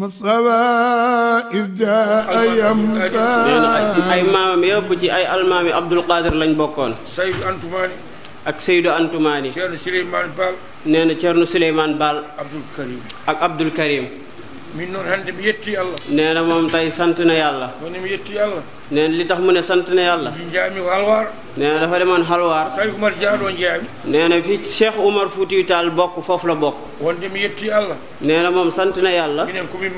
Mustafa Idda ayam ay maamam yëpp ci ay almaami Abdul Qadir lañ bokkoon. Seydou Antumaani. ak Seydou Antumaani. Thierno Souleymane Baal. nee na Thierno Souleymane Baal. Abdul Karim ak Abdul min noon hannde mi nee na moom tey sant na yàlla mo ne li tax mu ne sant na yàlla jaami ko dafa demoon halwaar tawi Umar nee na fi Cheikh Umar Fuutiyu Taal bokk foofu la bokk wonde mi yetti nee na moom sant na yàlla minen ko min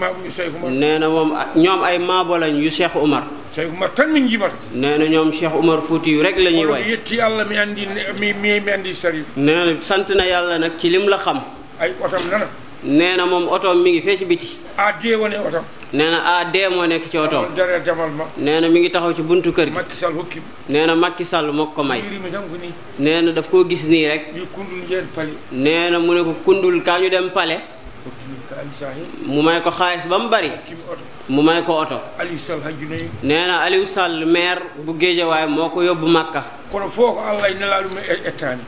nee na moom ñoom ay maabo lañ yu Cheikh Umar Cheikh Umar tan min jibata nee na ñoom Cheikh Umar Fuutiyu rek la ñuy way yetti allah mi anndi nee sant na yàlla nag ci lim la xam ay otam nana nee na moom otoom mi ngi fee ci biti. a dee wane nee na a dee moo nekk ci otoom. nee na mi ngi taxaw ci buntu kër gi. Macky Sall hokki nee na Macky Sall moo ko may. nee na daf koo gis nii rek. nee na mu ne ko kundul kaa ñu dem pale mu may ko xaalis ba mu bari. mu may ko oto. Aliou Sall hajjunay. nee na Aliou Sall maire bu Géejawaay moo ko yóbbu Makka. kono foo ko Allah ina laaɗum e ettaani.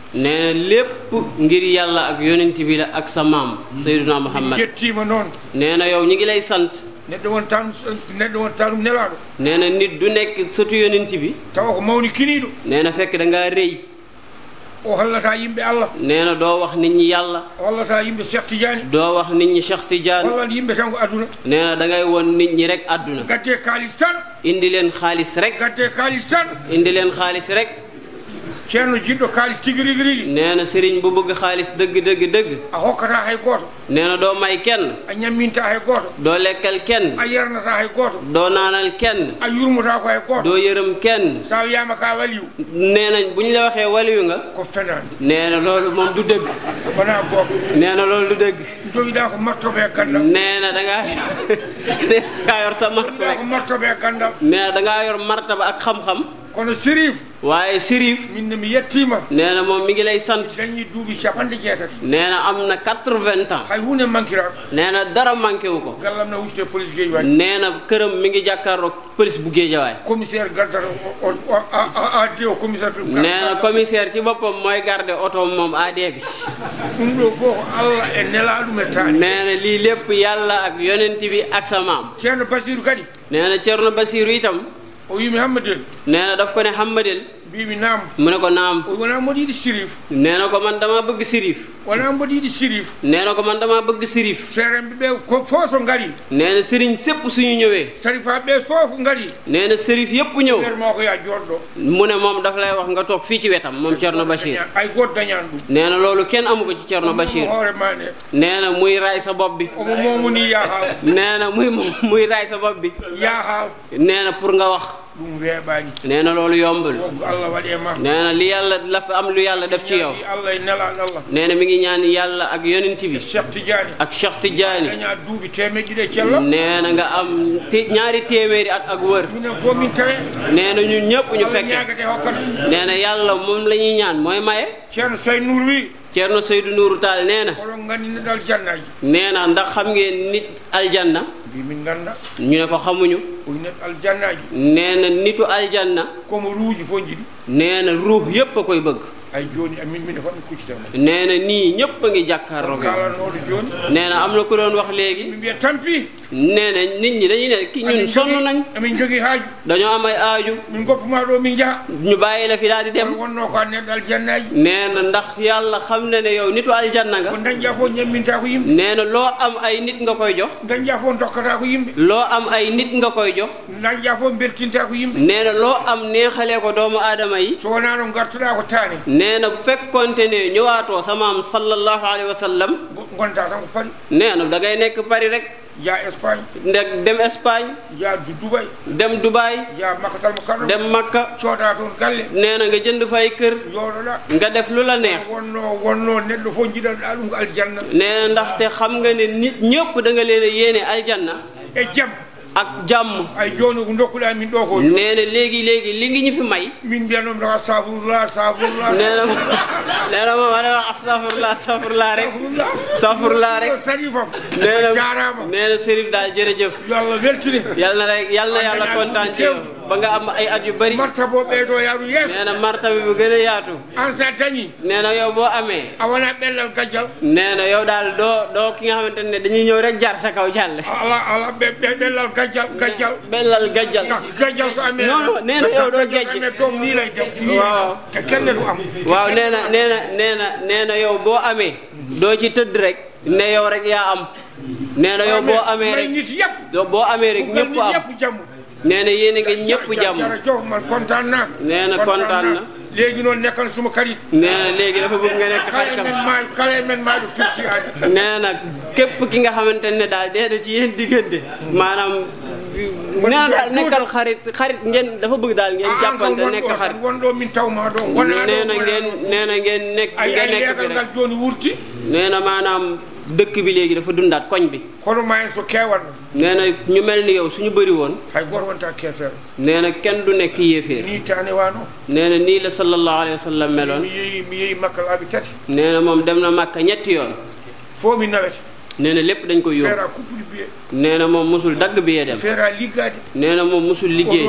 lépp ngir yàlla ak yonent bi ak sa maam. Seydina Muhammad jettiima noon. nee na yow ñu ngi lay sant. neɗɗo won tan neɗɗo won nee na nit du nekk sëtu yonent bi. tawa ko mawni kiniiɗo. nee na fekk da ngaa rëy. o hollata yimɓe allah nee na doo wax nit ñi yàlla o hollata yimɓe Cheikh doo wax nit ñi Cheikh Tidiane hollal yimɓe tan ko adduna nee na da won nit ñi rek adduna gaddee xaalis tan indi leen xaalis rek gaddee xaalis tan indi leen xaalis rek ceerno jiɗɗo kaalis tigi rigi rigi nee na sëriñ bu bëgg xaalis dëgg dëgg dëgg a hokkata gooto nee na doo may kenn a ñamminta hay gooto doo lekkal kenn a yernata hay gooto doo naanal kenn a yurmuta ko hay gooto doo yërëm kenn sa wiyaama ka waliyu nee na bu ñu la waxee waliyu nga ko nee na loolu moom du dëgg wonaa gooto nee na loolu du dëgg jowiɗaa ko martoɓe gandam nee na dangaa dangaa yor sa ba ak xam-xam kono sérif waaye Chérif. min na mi yettima nee na moom mi ngi lay sant. dañuy duubi capanɗe jeetati. nee na am na quatre-vingts ans. hay hunde manqué ra. nee na dara manqué wu ko. gallam na wucite police Guédiawaye. nee na këram mi ngi jàkkaarloog police bu Guédiawaye. commissaire gardar o AD o nee na commissaire ci boppam mooy garde oto moom AD bi. um ɗo e lii lépp yàlla ak yonent bi ak sa maam. Ceerno Basiru kadi. nee na Ceerno itam. o wimi hammadel nee na daf ko ne hammadel mbimi mu ne ko naam wona mboɗo yiɗi nee na ko man dama bëgg sirif wona mboɗo yiɗi nee na ko man dama bëgg sirif seerenɓe ɓe ko foo to ngari nee na sëriñ sépp suñu ñëwee sarifa ɓe fof ngari nee na sérif yëpp ñëw moo mu ne moom daf lay wax nga toog fii ci wetam moom Thierno Bachir ay goot dañaan nee na loolu kenn amu ko ci Thierno Bachir hoore nee na muy raay sa bopp bi omo moomu ni yaahaaw nee na muy raay sa bopp bi yaahaaw nee na pour nga wax nee na loolu yombul. nee na li yàlla dafa am lu yàlla def ci yow. nee na mi ngi ñaan yàlla ak yonent bi. ak Cheikh Tidiane. nee na nga am té ñaari téeméeri at ak wër. nee na ñun ñëpp ñu fekke. nee na yàlla moom la ñuy ñaan mooy maye. Ceerno Seydou Nourou Tall nee na. nee na ndax xam ngeen nit aljanna. bi min ganda ñu ne ko xamuñu o net aljannaji nee na nitu aljanna comme ruuji fo jiɗi nee na ruux yépp a koy bëgg ay joni amin mine fot mi nee nii ñëpp a ngi jàkkaarloo kalanooɗo joni nee na am na ku doon wax léegi mi mbiya tampi nee nit ñi dañuy ki ñun sonn nañ amin jogii haaju dañoo am ay aaju min goppuma ɗo ñu bàyyi la fi daal di dem wonnoo ko an neɗɗo aljannaji nee na ndax yàlla xam na ne yow nitu aljanna nga ko dañjaa fof ñammintaa ko yimɓe nee na loo am ay nit nga koy jox dañjaa fof dokkataa ko yimɓe loo am ay nit nga koy jox dañjaa fof mbeltintaa ko yimɓe nee loo am neexalee ko doomu aadama yi so wonaa no ngartuɗaa ko taane nee na bu fekkoonte ne ñëwaatoo sama maam sallallahu alayhi wa sallam. nee na da ngay nekk Paris rek. jaa Espagne. ndeg dem Espagne. jaa di dem Dubai. jaa Makkatal Mukarram. dem Makka. coodaatoon galle. nee na nga jënd fay kër. nga def lu la neex. wonnoo wonnoo neɗɗo fof njiɗan ɗaa ɗum ko ndaxte xam nga ne nit ñëpp da nga leen a yéene aljanna. e ak jàmm ay joono ndokkuɗa min léegi léegi li ngi ñu fi may min mbiyannoom tax astafurlah astafurlah nee na nee moom ana wax astafurlah rek astafurlah rek sari Serif daal jërëjëf yàlla weltine yàlla na rek yàlla na ba nga am ay at yu bëri. marta boo ɓeydoo marta bi bu gën a yaatu. an sa dañi. nee na yow boo amee. a wona ɓellal nee na yow daal doo doo ki nga xamante ne dañuy ñëw rek jaar sa kaw jàll. ala ala be be ɓellal gajjal gajjal. ɓellal gajjal. ndax gajjal su amee. non nii lay def. waaw te kenn du am. waaw nee na nee nee na nee na yow boo amee. doo ci tëdd rek. ne yow rek yaa am. nee na yow boo amee rek boo amee rek ñëpp am. nee na yéen a ngi ñëpp jàmm. man kontaan naa. nee na kontaan na. léegi noonu nekkal suma xarit. léegi dafa bëgg nga nekk xaritam. xale képp ki nga xamante ne daal dee na ci yéen diggante. maanaam nee na daal nekkal xarit xarit ngeen dafa bëgg daal ngeen ah, jàppante nekk xarit. nee na ngeen nee na ngeen nekk nga nekk fi rek. nee na maanaam. dëkk bi léegi dafa dundaat koñ bi konumayen so keewal nee na ñu mel ni yow suñu bëri woon hay goto wonta nee na kenn du nekk yéeféer nii taane nee na nii la sallallahu alayhi wa meloon mi yeeyi mi yeeyi nee na moom dem na makka ñetti yoon foo mi nawet nee na lépp dañ koy yóbbu nee na moom mosul dagg bi dem nee na moom mosul liggéey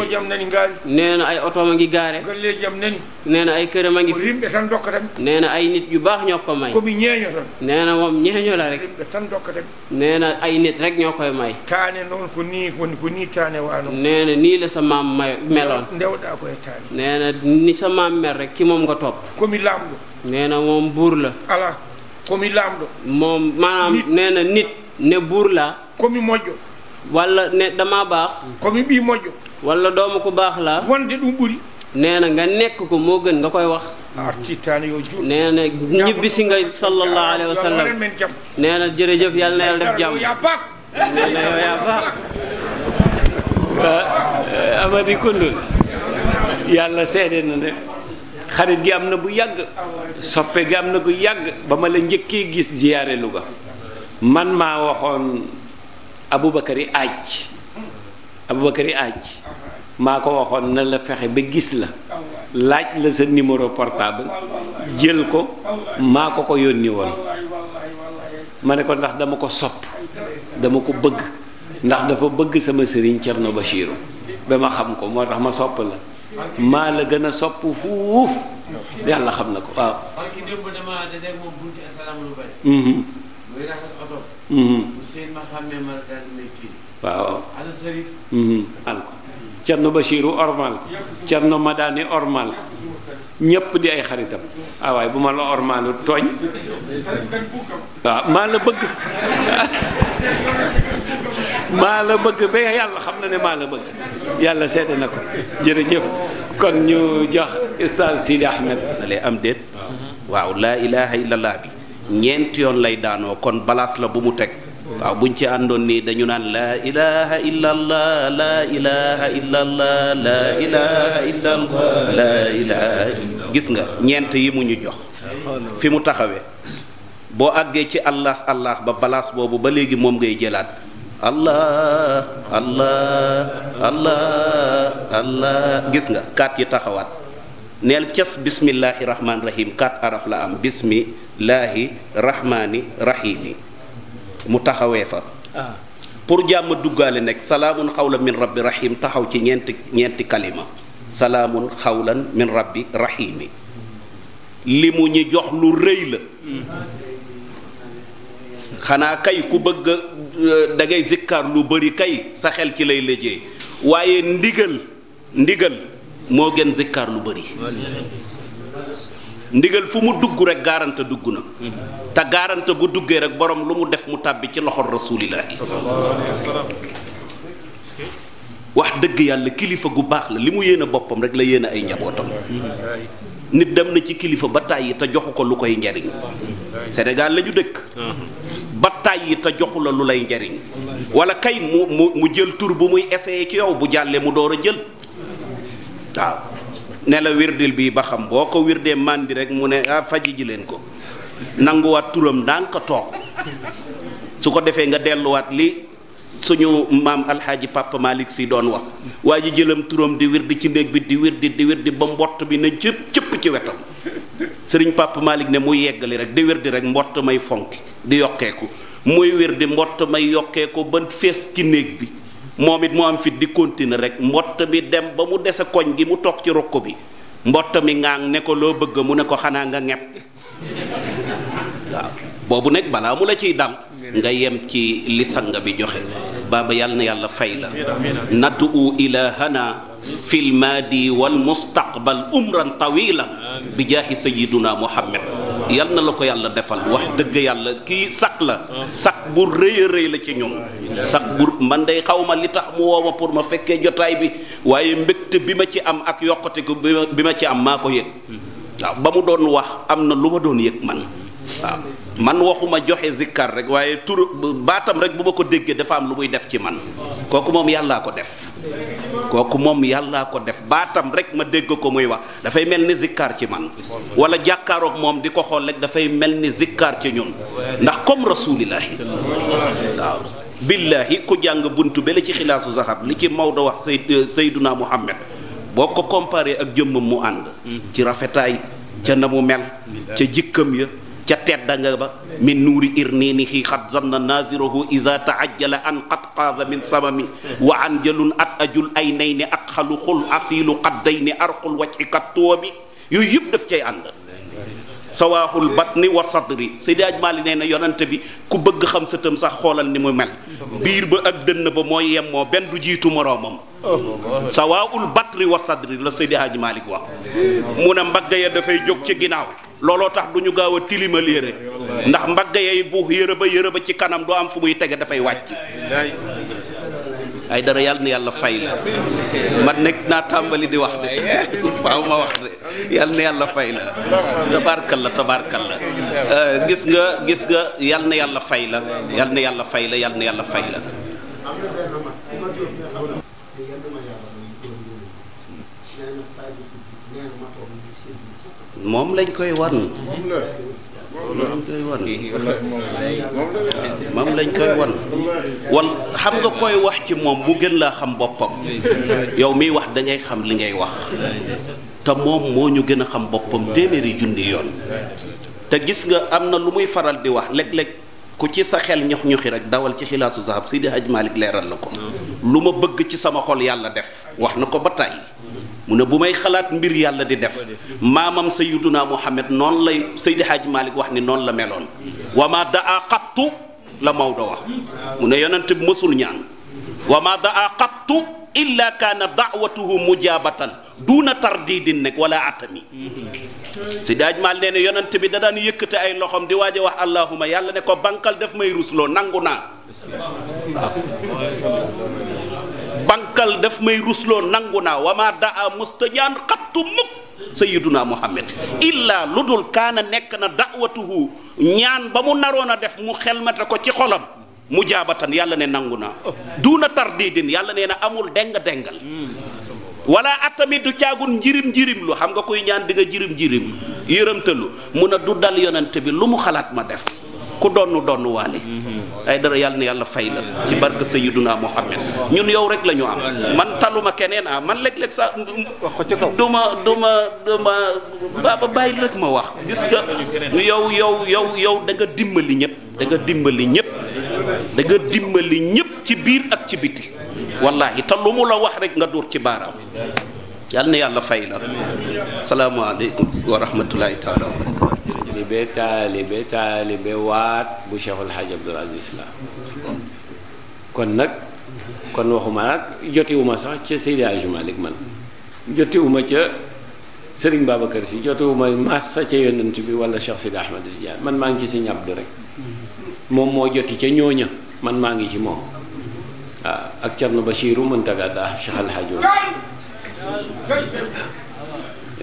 nee na ay oto ma ngi gaare nee na ay këram a ngi fi nee na ay nit yu baax ñoo ko may nee na moom ñeeño la rek nee na ay nit rek ñoo koy may nee na nii la sa maam may meloon nee na ni sa maam mel rek ci moom nga topp nee na moom buur la komi laamɗo moom maanaam nee na nit ne buur la komi moƴƴo walla ne dama baax komi ɓii walla doomu ko baax laa wonde ɗum ɓuri nee na nga nekk ko moo gën nga koy wax artitaane yo juul nee na ñibbi si nga sallallahu alayhi wa sallam nee na jërëjëf yàlla na def jàmm yaa baax nee kundul yàlla seede na xarit gi am na bu yàgg soppe gi am na bu yàgg ba ma la njëkkee gis ziyaare Louga man maa waxoon Aboubakari Aaj Aboubakari Aaj maa ko waxoon na la fexe ba gis la laaj la sa numéro portable jël ko maa ko ko yónni woon ma ne ko ndax dama ko sopp dama ko bëgg ndax dafa bëgg sama sëriñ Cerno Bachiru ba ma xam ko moo tax ma sopp la maa la gën a sopp fuuf yàlla xam na ko waaw. Mhm. Mhm. waaw. al mhm. ko Cerno Bachiru ormal ko Cerno Madani ormal ko ñépp di ay xaritam ah waaye bu ma la ormalu tooñ waaw maa la bëgg maa la bëgg ba yàlla xam na ne maa la bëgg yàlla seede na ko jërëjëf kon ñu jox ustaz Sidi Ahmed na lay am déet waaw laa ilaha illallah bi ñeent yoon lay daanoo kon balaas la bu mu teg waaw buñ ci àndoon nii dañu naan laa ilaha illallah laa ilaha gis nga ñeent yi mu ñu jox fi mu taxawee boo àggee ci allah allah ba balaas boobu ba léegi moom ngay jëlaat allah allah allah allah gis nga kaat yi taxawaat neel cas bismillaahi rahmaan rahim kaat araf la am bismillaahi rahmaani rahiimi mu taxawee fa ah. pour jàmm duggaale nekk salaamun xawlan min rabbi rahim taxaw ci ñeenti ñeenti kalima salaamun xawlan min rabbi rahiimi li mu ñu jox lu rëy la hmm. xanaa kay ku bëgg da ngay lu bari kay sa xel ci lay léjee waaye ndigal ndigal moo gën zikkar lu bari ndigal fu mu dugg rek gaarante dugg na te gaarante bu duggee rek borom lu mu def mu tàbbi ci loxol rasuulillaahi wax dëgg yàlla kilifa gu baax la li mu yéene boppam rek la yéene ay njabootam nit dem na ci kilifa ba tàyyi te joxu ko lu koy njariñ Sénégal la ñu dëkk ba tàyyi te joxu la lu lay njariñ wala kay mu mu mu jël tur bu muy essayé ci yow bu jàllee mu door a jël waaw ne la wirdil bii ba xam boo ko wirdee màndi rek mu ne ah faji ji leen ko nanguwaat turam ndànk toog su ko defee nga delluwaat li suñu maam alxaaji Papa Malick si doon wax waa ji jëlam turam di wirdi ci néeg bi di wirdi di wirdi ba mbott bi na cëpp ci wetam sëriñ Papa Malick ne muy yeggali rek di wér di rek mbott may fonki di yokkeeku muy wér di mbott may yokkeeku ba fees ci néeg bi moom it mu am fit di continuer rek mbott mi dem ba mu dese koñ gi mu toog ci rokk bi mbott mi ngaang ne ko loo bëgg mu ne ko xanaa nga ñepp waaw boobu nag balaa mu la ciy dam nga yem ci li sanga bi joxe baaba yàlla na yàlla fay la natu u ilahana fil maadi wal mustaqbal umran tawilan bi jaahi sayiduna muhammad yal na la ko yàlla defal wax dëgg yàlla kii sax la sax bu rëy rëy la ci ñoom sax bu man dey xawma li tax mu woo ma pour ma fekkee jotaay bi waaye mbégte bi ma ci am ak yokkute ko bi ma ci am maa ko yëg waaw ba mu doon wax am na lu ma doon yëg man waaw man waxuma joxe zikkar rek waaye tur baatam rek bu ma ko déggee dafa am lu muy def ci man kooku moom yàllaa ko def kooku moom yàllaa ko def baatam rek ma dégg ko muy wax dafay mel ni zikkar ci man wala jàkkaaroog moom di ko xool rek dafay mel ni zikkar ci ñun ndax comme rasulillahi waaw ku jàng bunt ba la ci xilaasu zahab li ci Maodo wax Seyd Seyduna Muhammad boo ko comparé ak jëmmam mu ànd ci rafetaay ca na mu mel ca jikkam ya ca tedda nga ba min nuuri irniinihi xat zanna ida taajjala an qad qaada min samami wa an at ajul ay ak xalu xul asiilu xat day ni arqul wacci kat tuwami yooyu yëpp daf cay ànd sawaaxul batni wa sadri Seydi Aj Maalik nee na yonante bi ku bëgg xam sëtam sax xoolal ni mu mel biir ba ak dënn ba mooy yem benn du jiitu moroomam sawaa'ul batri wa sadri la Seydi Hadji Malick wax mu ne mbagg ya dafay jóg ci ginnaaw looloo tax du ñu gaaw a tilimal yére ndax mbagg yay bu yére ba yére ba ci kanam du am fu muy tege dafay wàcc ay dara yàlla na yàlla fay la man nekk naa tàmbali di wax de faaw ma wax de yàlla na yàlla fay la tabaarkal la tabaarkal la euh, gis nga gis nga yàlla na yàlla fay la yàlla na yàlla fay la yàlla na yàlla fay la moom lañ koy wan. moom lañ koy wan moom lañ koy wan wan xam nga koy wax ci moom mu gën laa xam boppam yow miy wax dangay xam li ngay wax te moom moo ñu gën a xam boppam téeméeri junni yoon te gis nga am na lu muy faral di wax léeg-léeg ku ci sa xel ñox ñoxi rek dawal ci xilaasu zahab Seydi Hadj Malick leeral la ko lu ma bëgg ci sama xol yàlla def wax na ko ba tàyyi mu ne bu may xalaat mbir yàlla di def maamam sayyiduna Muhammad noon lay Seydi Hadj Malick wax ni noonu la meloon wa ma daa qattu la Maodo wax mu ne yonent bi mësul ñaan wa ma daa qattu illa kaana daawatuhu mujaabatan duuna tardidin nekk wala atami Seydi Hadj Malick nee na yonent bi da daan yëkkate ay loxoom di waaja a wax allahuma yàlla ne ko bankal def may rusloo nangu naa sànkal daf may rusloo nangu naa wama daa mustajaan xattu mukk sayyiduna muhammad illaa lu dul kaana nekk na da'watuhu ñaan ba mu naroon a def mu xelmate ko ci xolam mu jaabatan yàlla ne nangu naa duuna tardidin yàlla nee na amul déng-déngal wala atamit du caagun njirim njirim lu xam nga koy ñaan di nga jirim jirim yërëmtalu mun a du dal yonent bi lu mu xalaat ma def ku donn donnu waale ay dara yàlla na yàlla fay la ci barke Sayyiduna Muhammad ñun yow rek la ñu am man taluma keneen ah man léeg-léeg sax duma duma duma baaba bàyyi rek ma wax gis nga yow yow yow yow da dimbali ñëpp da nga dimbali ñëpp da dimbali ñëpp ci biir ak ci biti wallahi te lu mu la wax rek nga duur ci baaraam yàlla na yàlla fay la salaamualeykum wa rahmatullahi taala taalibe taalibe bu Cheikhul Hadj Abdoul kon nag kon waxuma nag jotiwuma sax ca Seydi Hadji Malick man jotiwuma ca Serigne Babacar Sy jotiwuma massa ca yonent bi wala Cheikh Seydi Ahmed Tidiane man maa ngi ci si Abdou rek moom moo joti ca ñooña man maa ngi ci moom waaw ah, ak Thierno Bachirou Mountaga Cheikh Al Hadj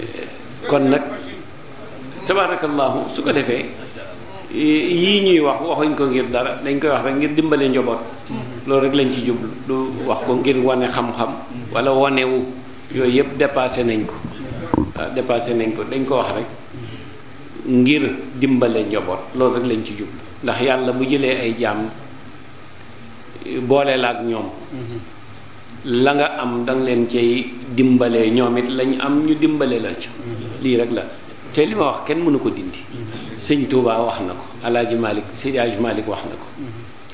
eh, kon nag tabaarakallaahu su ko defee yii ñuy wax waxuñ ko ngir dara dañ koy wax rek ngir dimbale njaboot loolu rek lañ ci jublu wax ko ngir wane xam wala wanewu yooyu yëpp dépassé nañ ko ah, dépassé nañ ko dañ ko wax rek ngir dimbale njaboot loolu rek lañ ci jublu ndax yàlla bu jëlee ay jaam boole ak ñoom la nga am danga leen cay dimbale ñoom it lañ am ñu dimbale la ca lii rek la te li ma wax kenn mënu ko dindi sëñ Touba wax na ko alaaji Malick Seydi Hadj wax na ko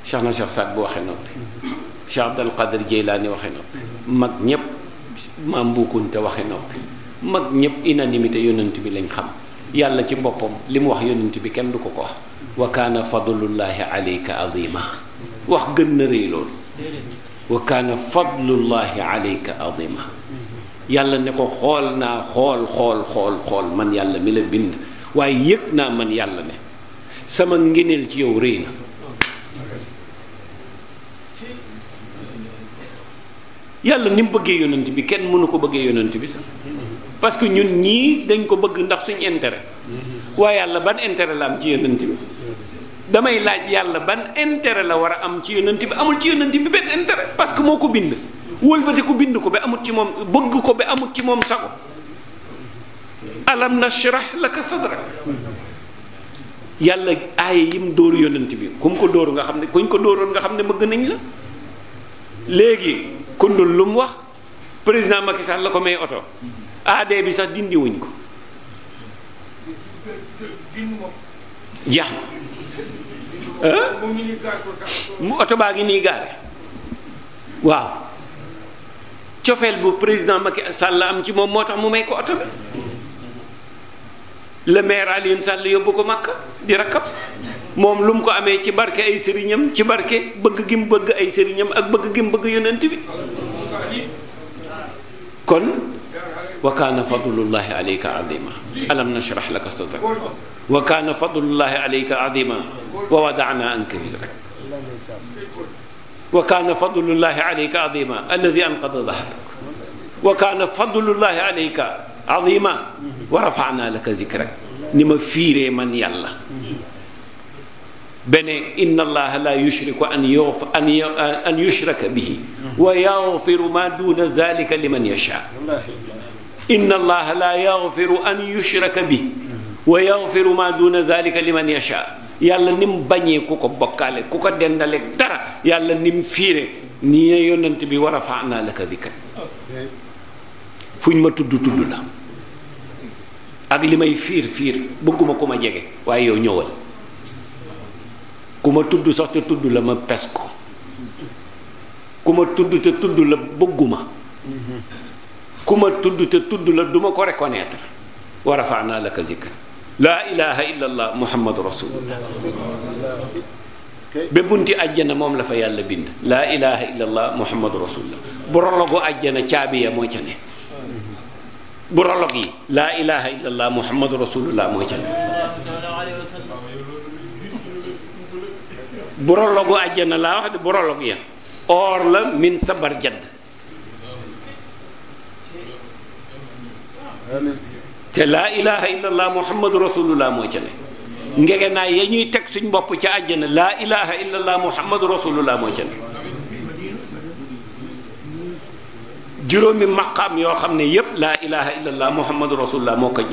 Cheikh na Cheikh Saad bu waxee noppi Cheikh Abdal Qadir Jeylaani waxee noppi mag ñépp maam mbuukunte waxee noppi mag ñépp unanimité yonent bi lañ xam yàlla ci boppam li mu wax yonent bi kenn du ko ko wax wa kaana fadlullahi alayka azima wax gën na rëy loolu wa kaana fadlullahi alayka azima yàlla ne ko xool naa xool xool xool xool man yàlla mi la bind waaye yëg naa man yàlla ne sama ngëneel ci yow rëy na yàlla ni mu bëggee yonent bi kenn mënu ko bëggee yonent bi sax parce que ñun ñii dañ ko bëgg ndax suñu intérêt waaye yàlla ban intérêt la am ci yonent bi damay laaj yàlla ban intere la war a am ci yonent bi amul ci yonent bi benn intérêt parce que moo ko bind wëlbati ku bind ko ba amut ci moom bëgg ko bi amut ci moom sago alam nashrah laka sadrak yàlla aaye yim dóor yonent bi ku mu ko dóor nga xam ne kuñ ko dóoroon nga xam ne bëgg nañ la léegi kundul lu mu wax président Macky Sall la ko may oto AD bi sax dindi wuñ ko jeex na mu oto baa ngi nii gaare waaw cofeel bu président Macky Sall am ci moom moo tax mu may ko oto bi maire Alioune Sall yóbbu ko Makka di rakkab moom lu mu ko amee ci barke ay sëriñam ci barke bëgg gi mu bëgg ay sëriñam ak bëgg gi mu bëgg yonent bi kon wa kaana fadlullahi alayka azima alam nashrah laka sadrak wa kaana fadlullahi alayka azima wa wada'na anka wizrak wa kaana fadlullahi alayka azima alladi anqada dahrak wa kaana fadlullahi alayka azima wa rafaana laka zikrak ni ma fiiree man yàlla beneen inna allaha la yushriku an an yushraka bihi wa yaghfiru ma duna zalika liman yasha inna allaha la yaghfiru an yushraka bihi wa yaghfiru ma duna zalika liman yasha yàlla ni mu bañee ku ko bokkaale ku ko dendale dara yàlla ni mu fiire ni ne bi war a fa naa la ka ma tudd tudd ak li may fiir fiir bëgguma ku ma jege waaye yow ñëwal ku ma tudd sax tudd la ma pes ku ma tudd te bëgguma ku ma tudd te duma ko reconnaître war naa la ka laa ilaha illallah muhammadu rasulullah ba bunti àjjana moom la fa yàlla bind laa ilaha illallah muhammadu rasulullah bu rologu àjjana caabi ya laa ilaha illallah muhammadu rasulullah moo ca ne laa wax de bu rolog la min sabar jadd te laa ilaha illallah muhammadu rasulullah moo ca ne ngege ya ñuy teg suñ bopp ca àjjana laa ilaha illallah muhammadu rasulullah moo ca juróomi maqaam yoo xam ne yépp laa ilaha illallah muhammadu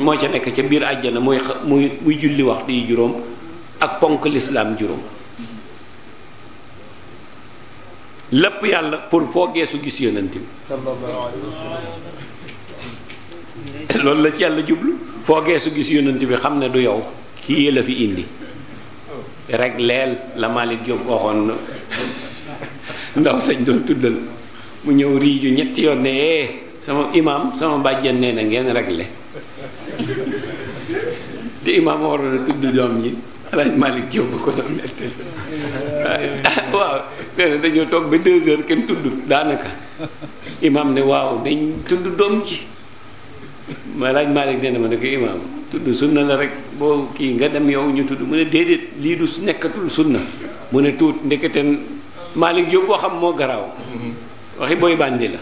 moo ca nekk ca biir àjjana muy muy muy julli waxtu yi juróom ak ponk lislaam juróom lépp yàlla pour foo geesu gis yonent loolu la ci yàlla jublu foo geesu gis yonent bi xam ne du yow kii la fi indi rek leel la Malick Diop waxoon ndaw sañ doon tuddal mu ñëw rii ju ñetti yoon ne eh sama imaam sama bàjjen nee na ngeen réglé te imaam waroon a tudd doom ñi ko waaw nee dañoo toog ba deux kenn tudd daanaka imaam ne waaw dañ tudd doom ci ma laaj Malick nee na ma ne ko imaam tudd sunna la rek boo kii nga dem yow ñu tudd mu ne déedéet lii du nekkatul sunna mu ne tuut ndekete Malick Diop boo xam moo garaaw waxi booy bàndi la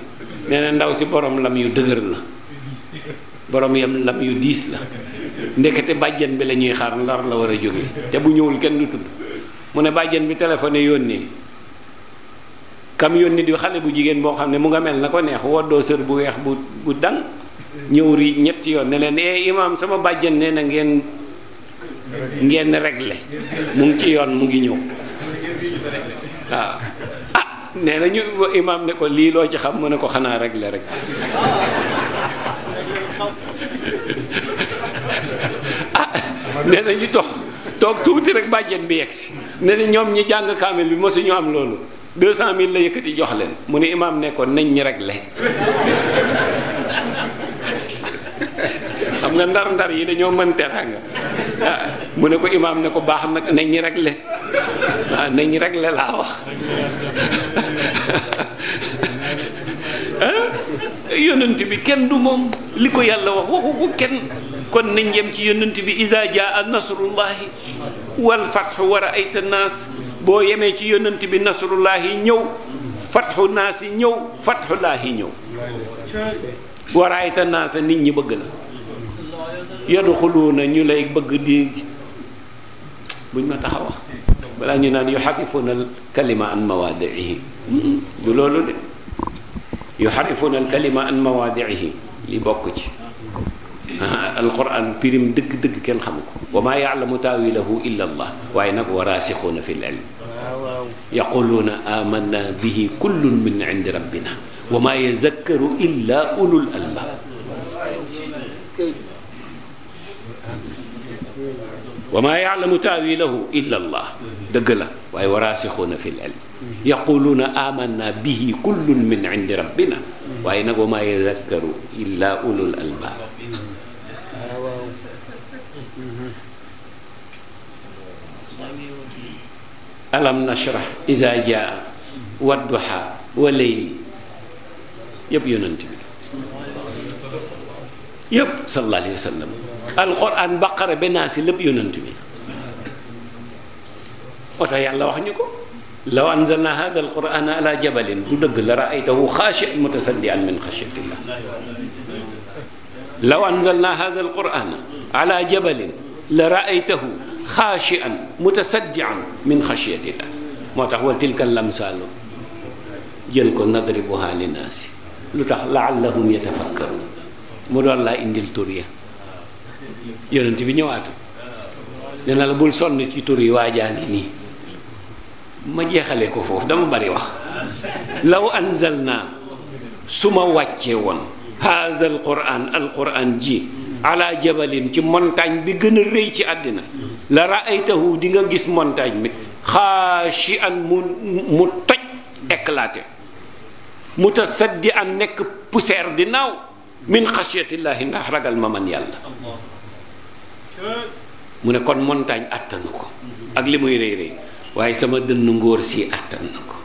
nee na ndaw si borom lam yu dëgër la boroom yam lam yu diis la ndekete bàjjen bi la ñuy xaar ndar la war a jóge te bu ñëwul kenn du tudd mu ne bàjjen bi téléphoné yónni kam yónni di xale bu jigéen boo xam ne mu nga mel na ko neex woddoo sër bu weex bu bu dang ñëw rii ñetti yoon ne leen eh, imaam sama bàjjen nee na ngeen ngeen regle mu ngi ci yoon mu ngi ñëw waaw ah nee na ñu imaam ne ko lii loo ci xam mu ne ko xanaa regle rek ah nee na ñu tox toog tuuti rek bàjjan bi si ne na ñoom ñi jàng kaamil bi mosu ñu am loolu mille la yëkkati jox leen mu ne imaam ne ko nañ ñi réglé nga ndar-ndar yi dañoo mën teraanga ah, mu ne ko imaam ne ko baax nag nañ ñi rek le waaw ah, nañ ñi rek le laa wax ah, yonent bi kenn du moom li ko yàlla wax waxu ko kenn kon nañ yem ci yonent bi isaa jaa nasrullahi wal fatxu wa raayta boo yemee ci yonent bi nasrullahi ñëw fatxu naas yi ñëw fatxu laahi ñëw wa raayta naas nit ñi bëgg la yadxuluuna ñu lay bëgg di buñ ma tax a wax balaa ñu naan yuxarifuuna al kalima an mawaadiihi du loolu de yuxarifuuna al kalima an mawaadiihi li bokk ci ah, alquran pirim dëgg dëgg kenn xam ko wa maa yaalamu taawilahu illa allah waaye nag wa raasixuuna fi l ilm yaquluuna amanna bihi kullun min indi rabbina wa maa yazakkaru illa ulul albaab wa maa yaalamu taawilahu illa allah dëgg la waaye waraasixuuna fi l ilm yaquluuna amanna bihi kullun min indi rabbina waaye nag wa maa yadakkaru illa ulul albaab alam nashrah iza jaa wadduha wa layli yëpp yonent bi yëpp sallallahu alayhi wa sallam alxuraan baqara ba naa si lépp yonent bi moo tax yàlla wax ñu ko law anzalna hada alquran ala jabalin du dëgg la raaytahu xaashian mutasaddian min xashiatillah law anzalna hada alquran ala jabalin la raaytahu xaashian mutasaddian min xashiatillah moo tax wa tilka lamsaalu jël ko nadribuha linnaasi lu tax laallahum yatafakkaruun mu doon laa indil tur ya yonent bi ñëwaatu ne na la bul sonn ci tur yi waajaa ngi nii ma jeexalee ko foofu dama bari wax law anzalna su ma wàccee woon haza al al quran ji ala jabalin ci montagne bi gën a rëy ci àddina la raaytahu di nga gis montagne bi xaashi an mu mu toj éclaté mu tasaddi an nekk poussière di naaw min xasiyatillahi ndax ragal ma man yàlla mu ne kon montagne àttanu ko ak li muy rëy rëy waaye sama dënn ngóor si àttan na ko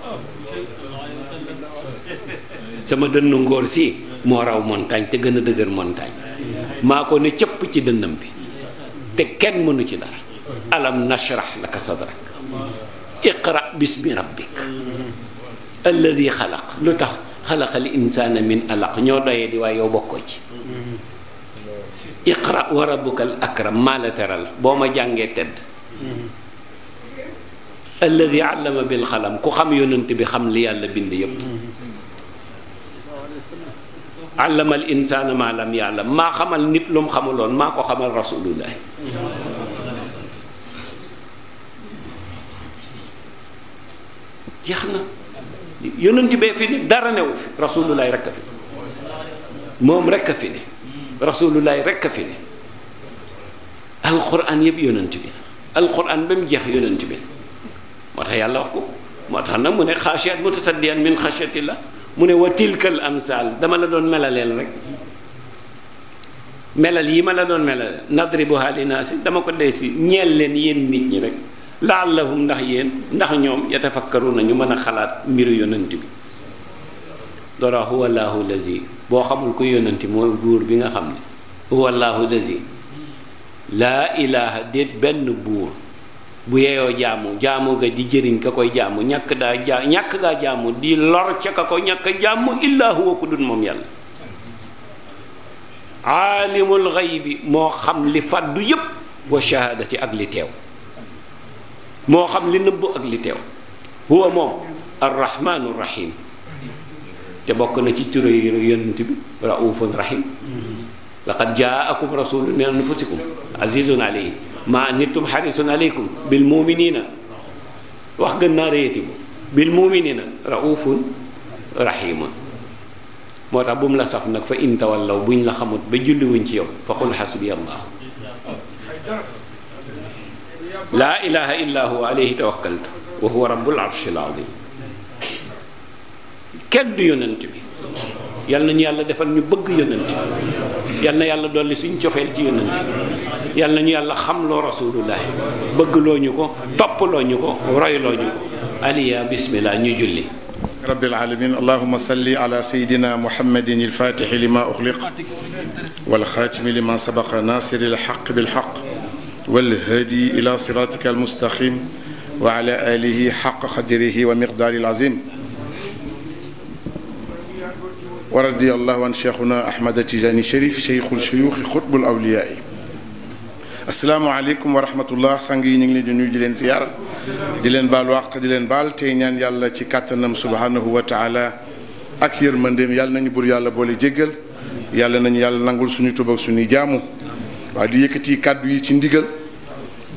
sama dënn ngóor si moo raw montagne te gën a dëgër montagne maa ko ne cëpp ci dënnam bi te kenn mënu ci dara alam nashrah laka sadrak iqra bismi rabbik alladi xalaq lu tax xalaqal insaana min alaq ñoo doyee di waaye yow bokkoo ci iqra wa rabbukal akram maa la teral boo ma jàngee tedd alladi allama bil xalam ku xam yonent bi xam li bind yépp allamal insaana maa lam yàlla maa xamal nit lu xamuloon maa ko xamal rasulullah jeex na yonent bee fi dara newu fi rekk a fi moom rekk a fi rasulullaay rekk a fi ne alquran yëpp yonent bi alquran ba mu jeex yonent bi moo tax yàlla wax ko moo tax na mu ne xaasiyat mutasaddiyan min xaasiyatillah mu ne wa tilkal amsal dama la doon melaleel rek melal yi ma la doon melal nadribuha linaasi dama ko dee si ñeel leen yéen nit ñi rek laallahum ndax yéen ndax ñoom yatafakkaru na ñu mën a xalaat mbiru yonent bi dora huwa laahu lazi boo xamul ku yónnanti mooy buur bi nga xam ne huwa allahu lazi laa ilaha déet benn buur bu yeyoo jaamu jaamu ga di jëriñ ka koy jaamu ñàkk daa jaa ñàkk gaa jaamu di lor ca ka ko ñàkk jaamu illaa huwa ku dun moom yàlla aalimul xaybi moo xam li fàddu yépp wa shahaadati ak li teew moo xam li nëbbu ak li teew huwa moom arrahmaanu rahim te bokk na ci turo yi yonent bi raufun rahim laqad jaakum rasulun min anfusikum azizun alayhi ma anittum harisun alaykum bil muminina wax gën naa réyati ko bil muminina raufun rahimun moo tax bu mu la saf nag fa in tawallaw buñ la xamut ba julliwuñ ci yow fa qul hasbi allah laa ilaha illa huwa alayhi tawakkaltu wa huwa rabbul arshil azim kenn du yonent bi yal na ñu yàlla defal ñu bëgg yonent yal na yàlla dolli suñ cofeel ci yonent yal na ñu yàlla xam loo rasulullah bëgg loo ñu ko topp loo ñu ko roy loo ñu ko aliya bismillah ñu julli رب العالمين اللهم صل على سيدنا محمد الفاتح لما أغلق والخاتم لما سبق ناصر الحق بالحق والهادي إلى صراطك المستقيم وعلى آله حق قدره ومقدار العظيم wa radiyallahu an cheikhuna ahmada tijaani sharif cheikhul shuyuuxi xutbul awliyaay asalaamaaleykum wa rahmatullah sang yi ñu ngi leen di nuyu di leen ziyaar di leen baal wàq di leen baal tey ñaan yàlla ci kàttanam subhanahu wa taala ak yërmandeem yàlla nañu bur yàlla boole jéggal yàlla nañu yàlla nangul suñu tuub ak suñuy jaamu waa di yëkkati kàddu yi ci ndigal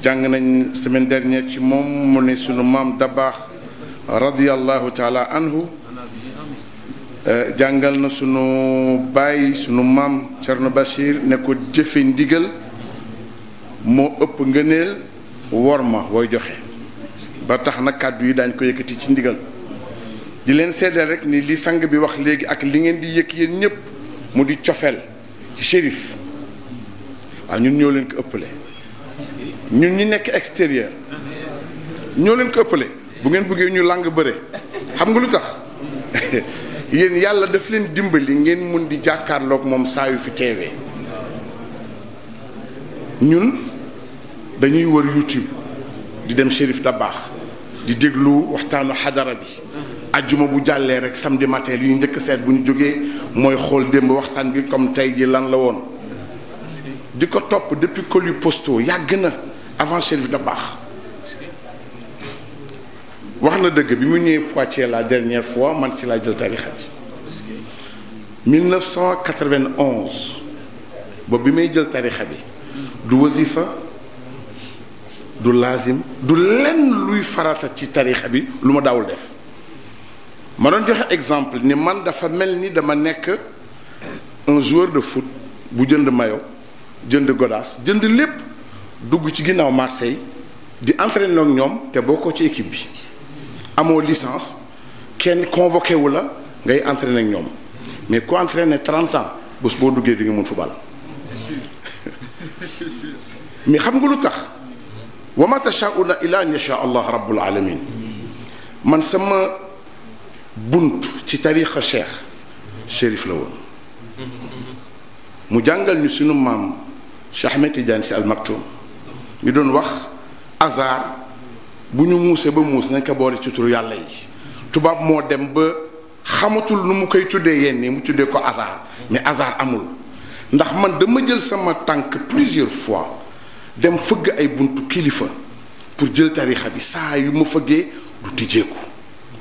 jàng nañ semaine dernière ci moom mu ne sunu maam dabaax radiyallahu taala anhu Euh, jàngal na sunu bàyyi sunu maam Cerno Bachir ne ko jëfe ndigal moo ëpp ngëneel wor ma wooy joxe ba tax na kàddu yi dañ ko yëkkati ci ndigal di leen seddal rek ni li sang bi wax léegi ak li ngeen di yëkk yéen ñépp mu di cofeel ci shérif waaw ah, ñun ñoo leen ko ëppale ñun ñi nekk extérieur ñoo leen ko ëppale bu ngeen bëggee ñu làng bëre xam nga lu tax yéen yàlla daf leen dimbali ngeen mun di jàkkaarlook moom saa yu fi teewee ñun dañuy wër YouTube di dem Chérif Dabakh di déglu waxtaanu xadara bi ajuma bu jàllee rek samedi matin li ñu njëkk seet bu ñu jógee mooy xool démb waxtaan bi comme tey ji lan la woon di ko topp depuis Coli Posto yàgg na avant Chérif baax wax na dëgg bi mu ñëwee Poitiers la dernière fois man si laa jël tarixa bi 1991 ba bi may jël tarixa bi du wasifa du lazim du lenn luy farata ci tarixa bi lu ma daawul def ma doon joxe exemple ni man dafa mel ni dama nekk un joueur de foot bu jënd mayo jënd godaas jënd lépp dugg ci ginnaaw Marseille di entraîner ak ñoom te bokkoo ci équipe bi amoo licence kenn convoqué wu la ngay entraîné ak ñoom mais ku entraîné 30 ans bés boo duggee di nga mun football mais xam nga lu tax wa ma tashauna illa an yasha allah rabbul alamin man sama bunt ci tarixa cheikh chérif la woon mu jàngal ñu sunu maam Cheikh Ahmed Tidiane si al Maktoum doon wax hasard bu ñu muusee ba muus nañ ko boole ci turu yàlla yi tubaab moo dem ba xamatul nu mu koy tuddee yenn nii mu tuddee ko hasard mais hasard amul ndax man dama jël sama tànk plusieurs fois dem fëgg ay buntu kilifa pour jël tarixa bi saa yu ma fëggee du tijjeeku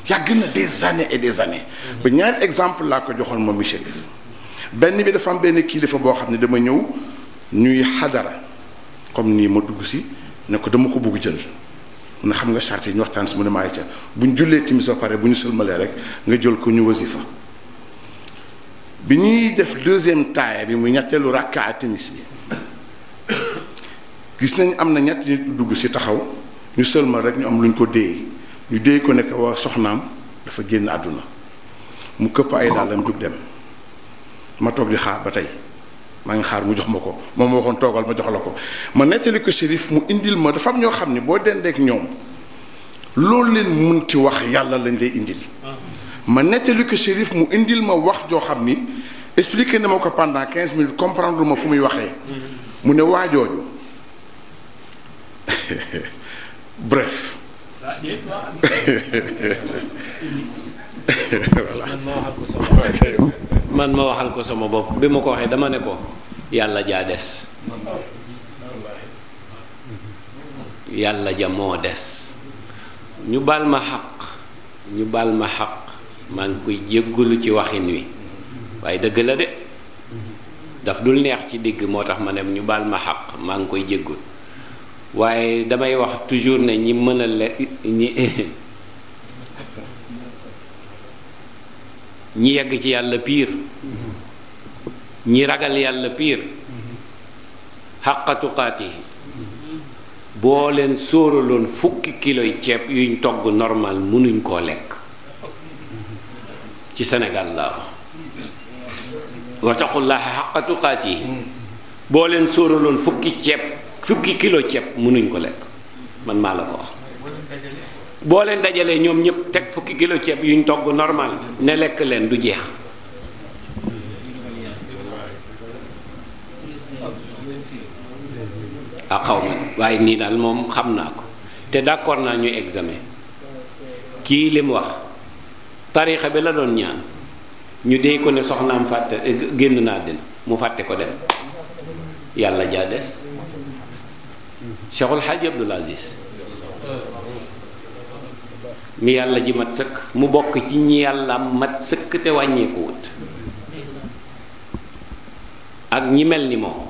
yàgg na des années et des années ba ñaari exemple laa ko joxoon ma monsieur benn bi dafa am benn kilifa boo xam ne dama ñëw ñuy xadara comme nii ma dugg si ne ko dama ko bugg jël mun a xam nga charte yi ñu waxtaan su mu ne maay ca bu ñu jullee timis ba pare bu ñu sëlmalee rek nga jël ko ñu wasifa bi ñuy def deuxième taaya bi muy ñetteelu rakkaa timis bi gis nañ am na ñetti dugg si taxaw ñu sëlmal rek ñu am lu ñu ko déey ñu déey ko nekk waa soxnaam dafa génn àdduna mu këpp ay dàllam jug dem ma toog di xaar ba tey maa ngi xaar mu jox ma ko moom ma waxoon toogal ma jox la ko ma nettali ko shérif mu indil ma dafa am ñoo xam ne boo dendeek ñoom loolu leen munti wax yàlla lañ lay indil ma nettali ko shérif mu indil ma wax joo xam ni expliqué na ma ko pendant quinze minutes comprendre ma fu muy waxee mu ne waajooju bref man ma waxal ko sama bopp bi ma ko waxee dama ne ko yàlla jaa des yàlla ja moo des ñu baal ma xaq ñu baal ma xaq maa ngi koy jéggalu ci waxin wi waaye dëgg la de daf dul neex ci digg moo tax ma ne ñu baal ma xaq maa ngi koy jéggul waaye damay wax toujours ne ñi mën le ñi ñi yegg ci yàlla piir ñi ragal yàlla piir xaqa tuqaatihi boo leen sóoraloon fukki kiloy ceeb yuñ togg normal mënuñ koo lekk ci senegal laa wax wattaqullaaha xaqa tuqaatihi boo leen sóoraloon fukki ceeb fukki kilo ceeb mënuñ ko lekk man maa la ko wax boo leen dajalee ñoom ñëpp teg fukki kilo ceeb yuñ togg normal ne lekk leen du jeex ah xaw ma waaye nii daal moom xam naa ko te d'accord naa ñuy examen kii li wax tariixa bi la doon ñaan ñu dey ko ne soxnaam fàtte génn naa dina mu fàtte ko dem yàlla jaa des Cheikhul Hadji Abdoul Aziz mi yàlla ji mat sëkk mu bokk ci ñi yàlla mat sëkk te wàññeeku wut ak ñi mel ni moom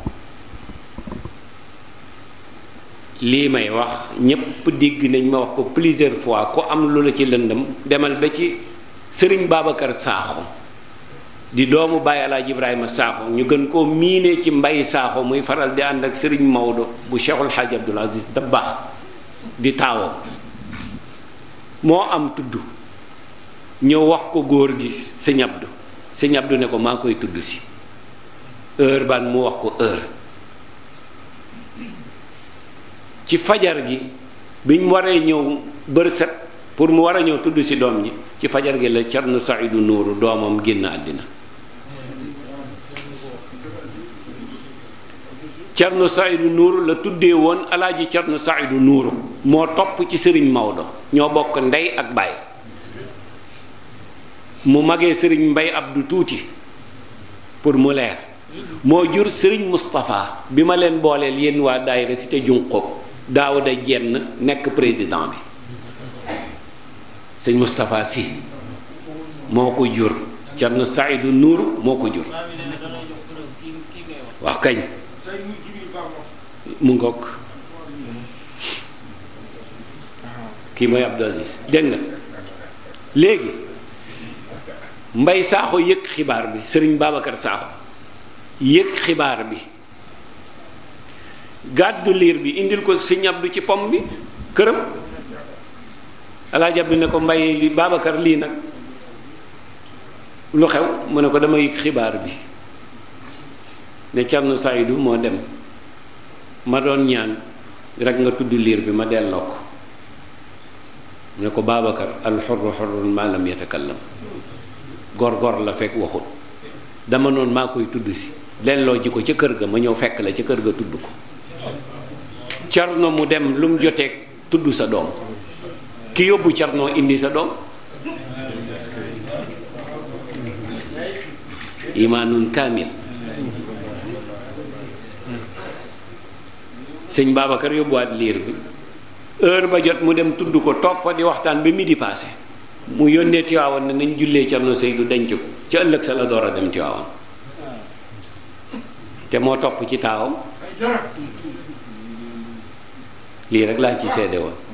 lii may wax ñépp digg nañ ma wax ko plusieurs fois ku am lu la ci lëndëm demal ba ci sëriñ Babacar Saaxo di doomu Baye El Hadj Ibrahima Saaxo ñu gën koo miinee ci mbay Saaxo muy faral di ànd ak sëriñ Maodo bu Cheikhul Hadj Abdoul Aziz Dabakh di taawam moo am tudd ñëw wax ko góor gi sëñ Abdu sëñ Abdu ne ko maa koy tudd si heure mu wax ko heure ci fajar gi biñ waree ñëw bër set pour mu war a ñëw tudd si doom ñi ci fajar gi la Cerno Saidu Nuuru doomam génn àddina Cerno Saidu Nuuru la tuddee woon alaaji Cerno Saidu Nuuru moo topp ci sëriñ Maodo ñoo bokk ndey ak baay mu magee sëriñ ab du tuuti pour mu leer moo jur sëriñ Moustapha bi ma leen booleel yenn waa daayira cité Junqob Daawuda Jenn nekk président bi sëñ Moustapha si moo ko jur Cerno Saidu Nuur moo ko jur wax kañ mu ngokk kii mooy Abdou Aziz dégg léegi mbay saaxo yëg xibaar bi sëriñ Babacar saaxo yëg xibaar bi gàddu liir bi indil ko sëñ Abdou ci pom bi këram alaaji Abdou ne ko mbay Babacar lii nag lu xew mu ne ko dama yëg xibaar bi ne Thierno Saïdou moo dem ma doon ñaan rek nga tudd liir bi ma delloo ko mu ne ko Babacar alxurru xurrun maa lam yatakallam gor gor la fekk waxut dama noon maa koy tudd si delloo ko ca kër ga ma ñëw fekk la ca kër ga tudd ko carno mu dem lu mu jotee tudd sa doom ki yóbbu carno indi sa doom imaanun kaamil sëñ Babacar yóbbuwaat liir bi heure ba jot mu dem tudd ko toog fa di waxtaan bi ba di passé mu yónnee Tiwaawan na nañ jullee Cerno Seydu denc ko ca ëllëg sa la door a dem Tiwaawan te moo topp ci taawam lii rek laa ci seede woon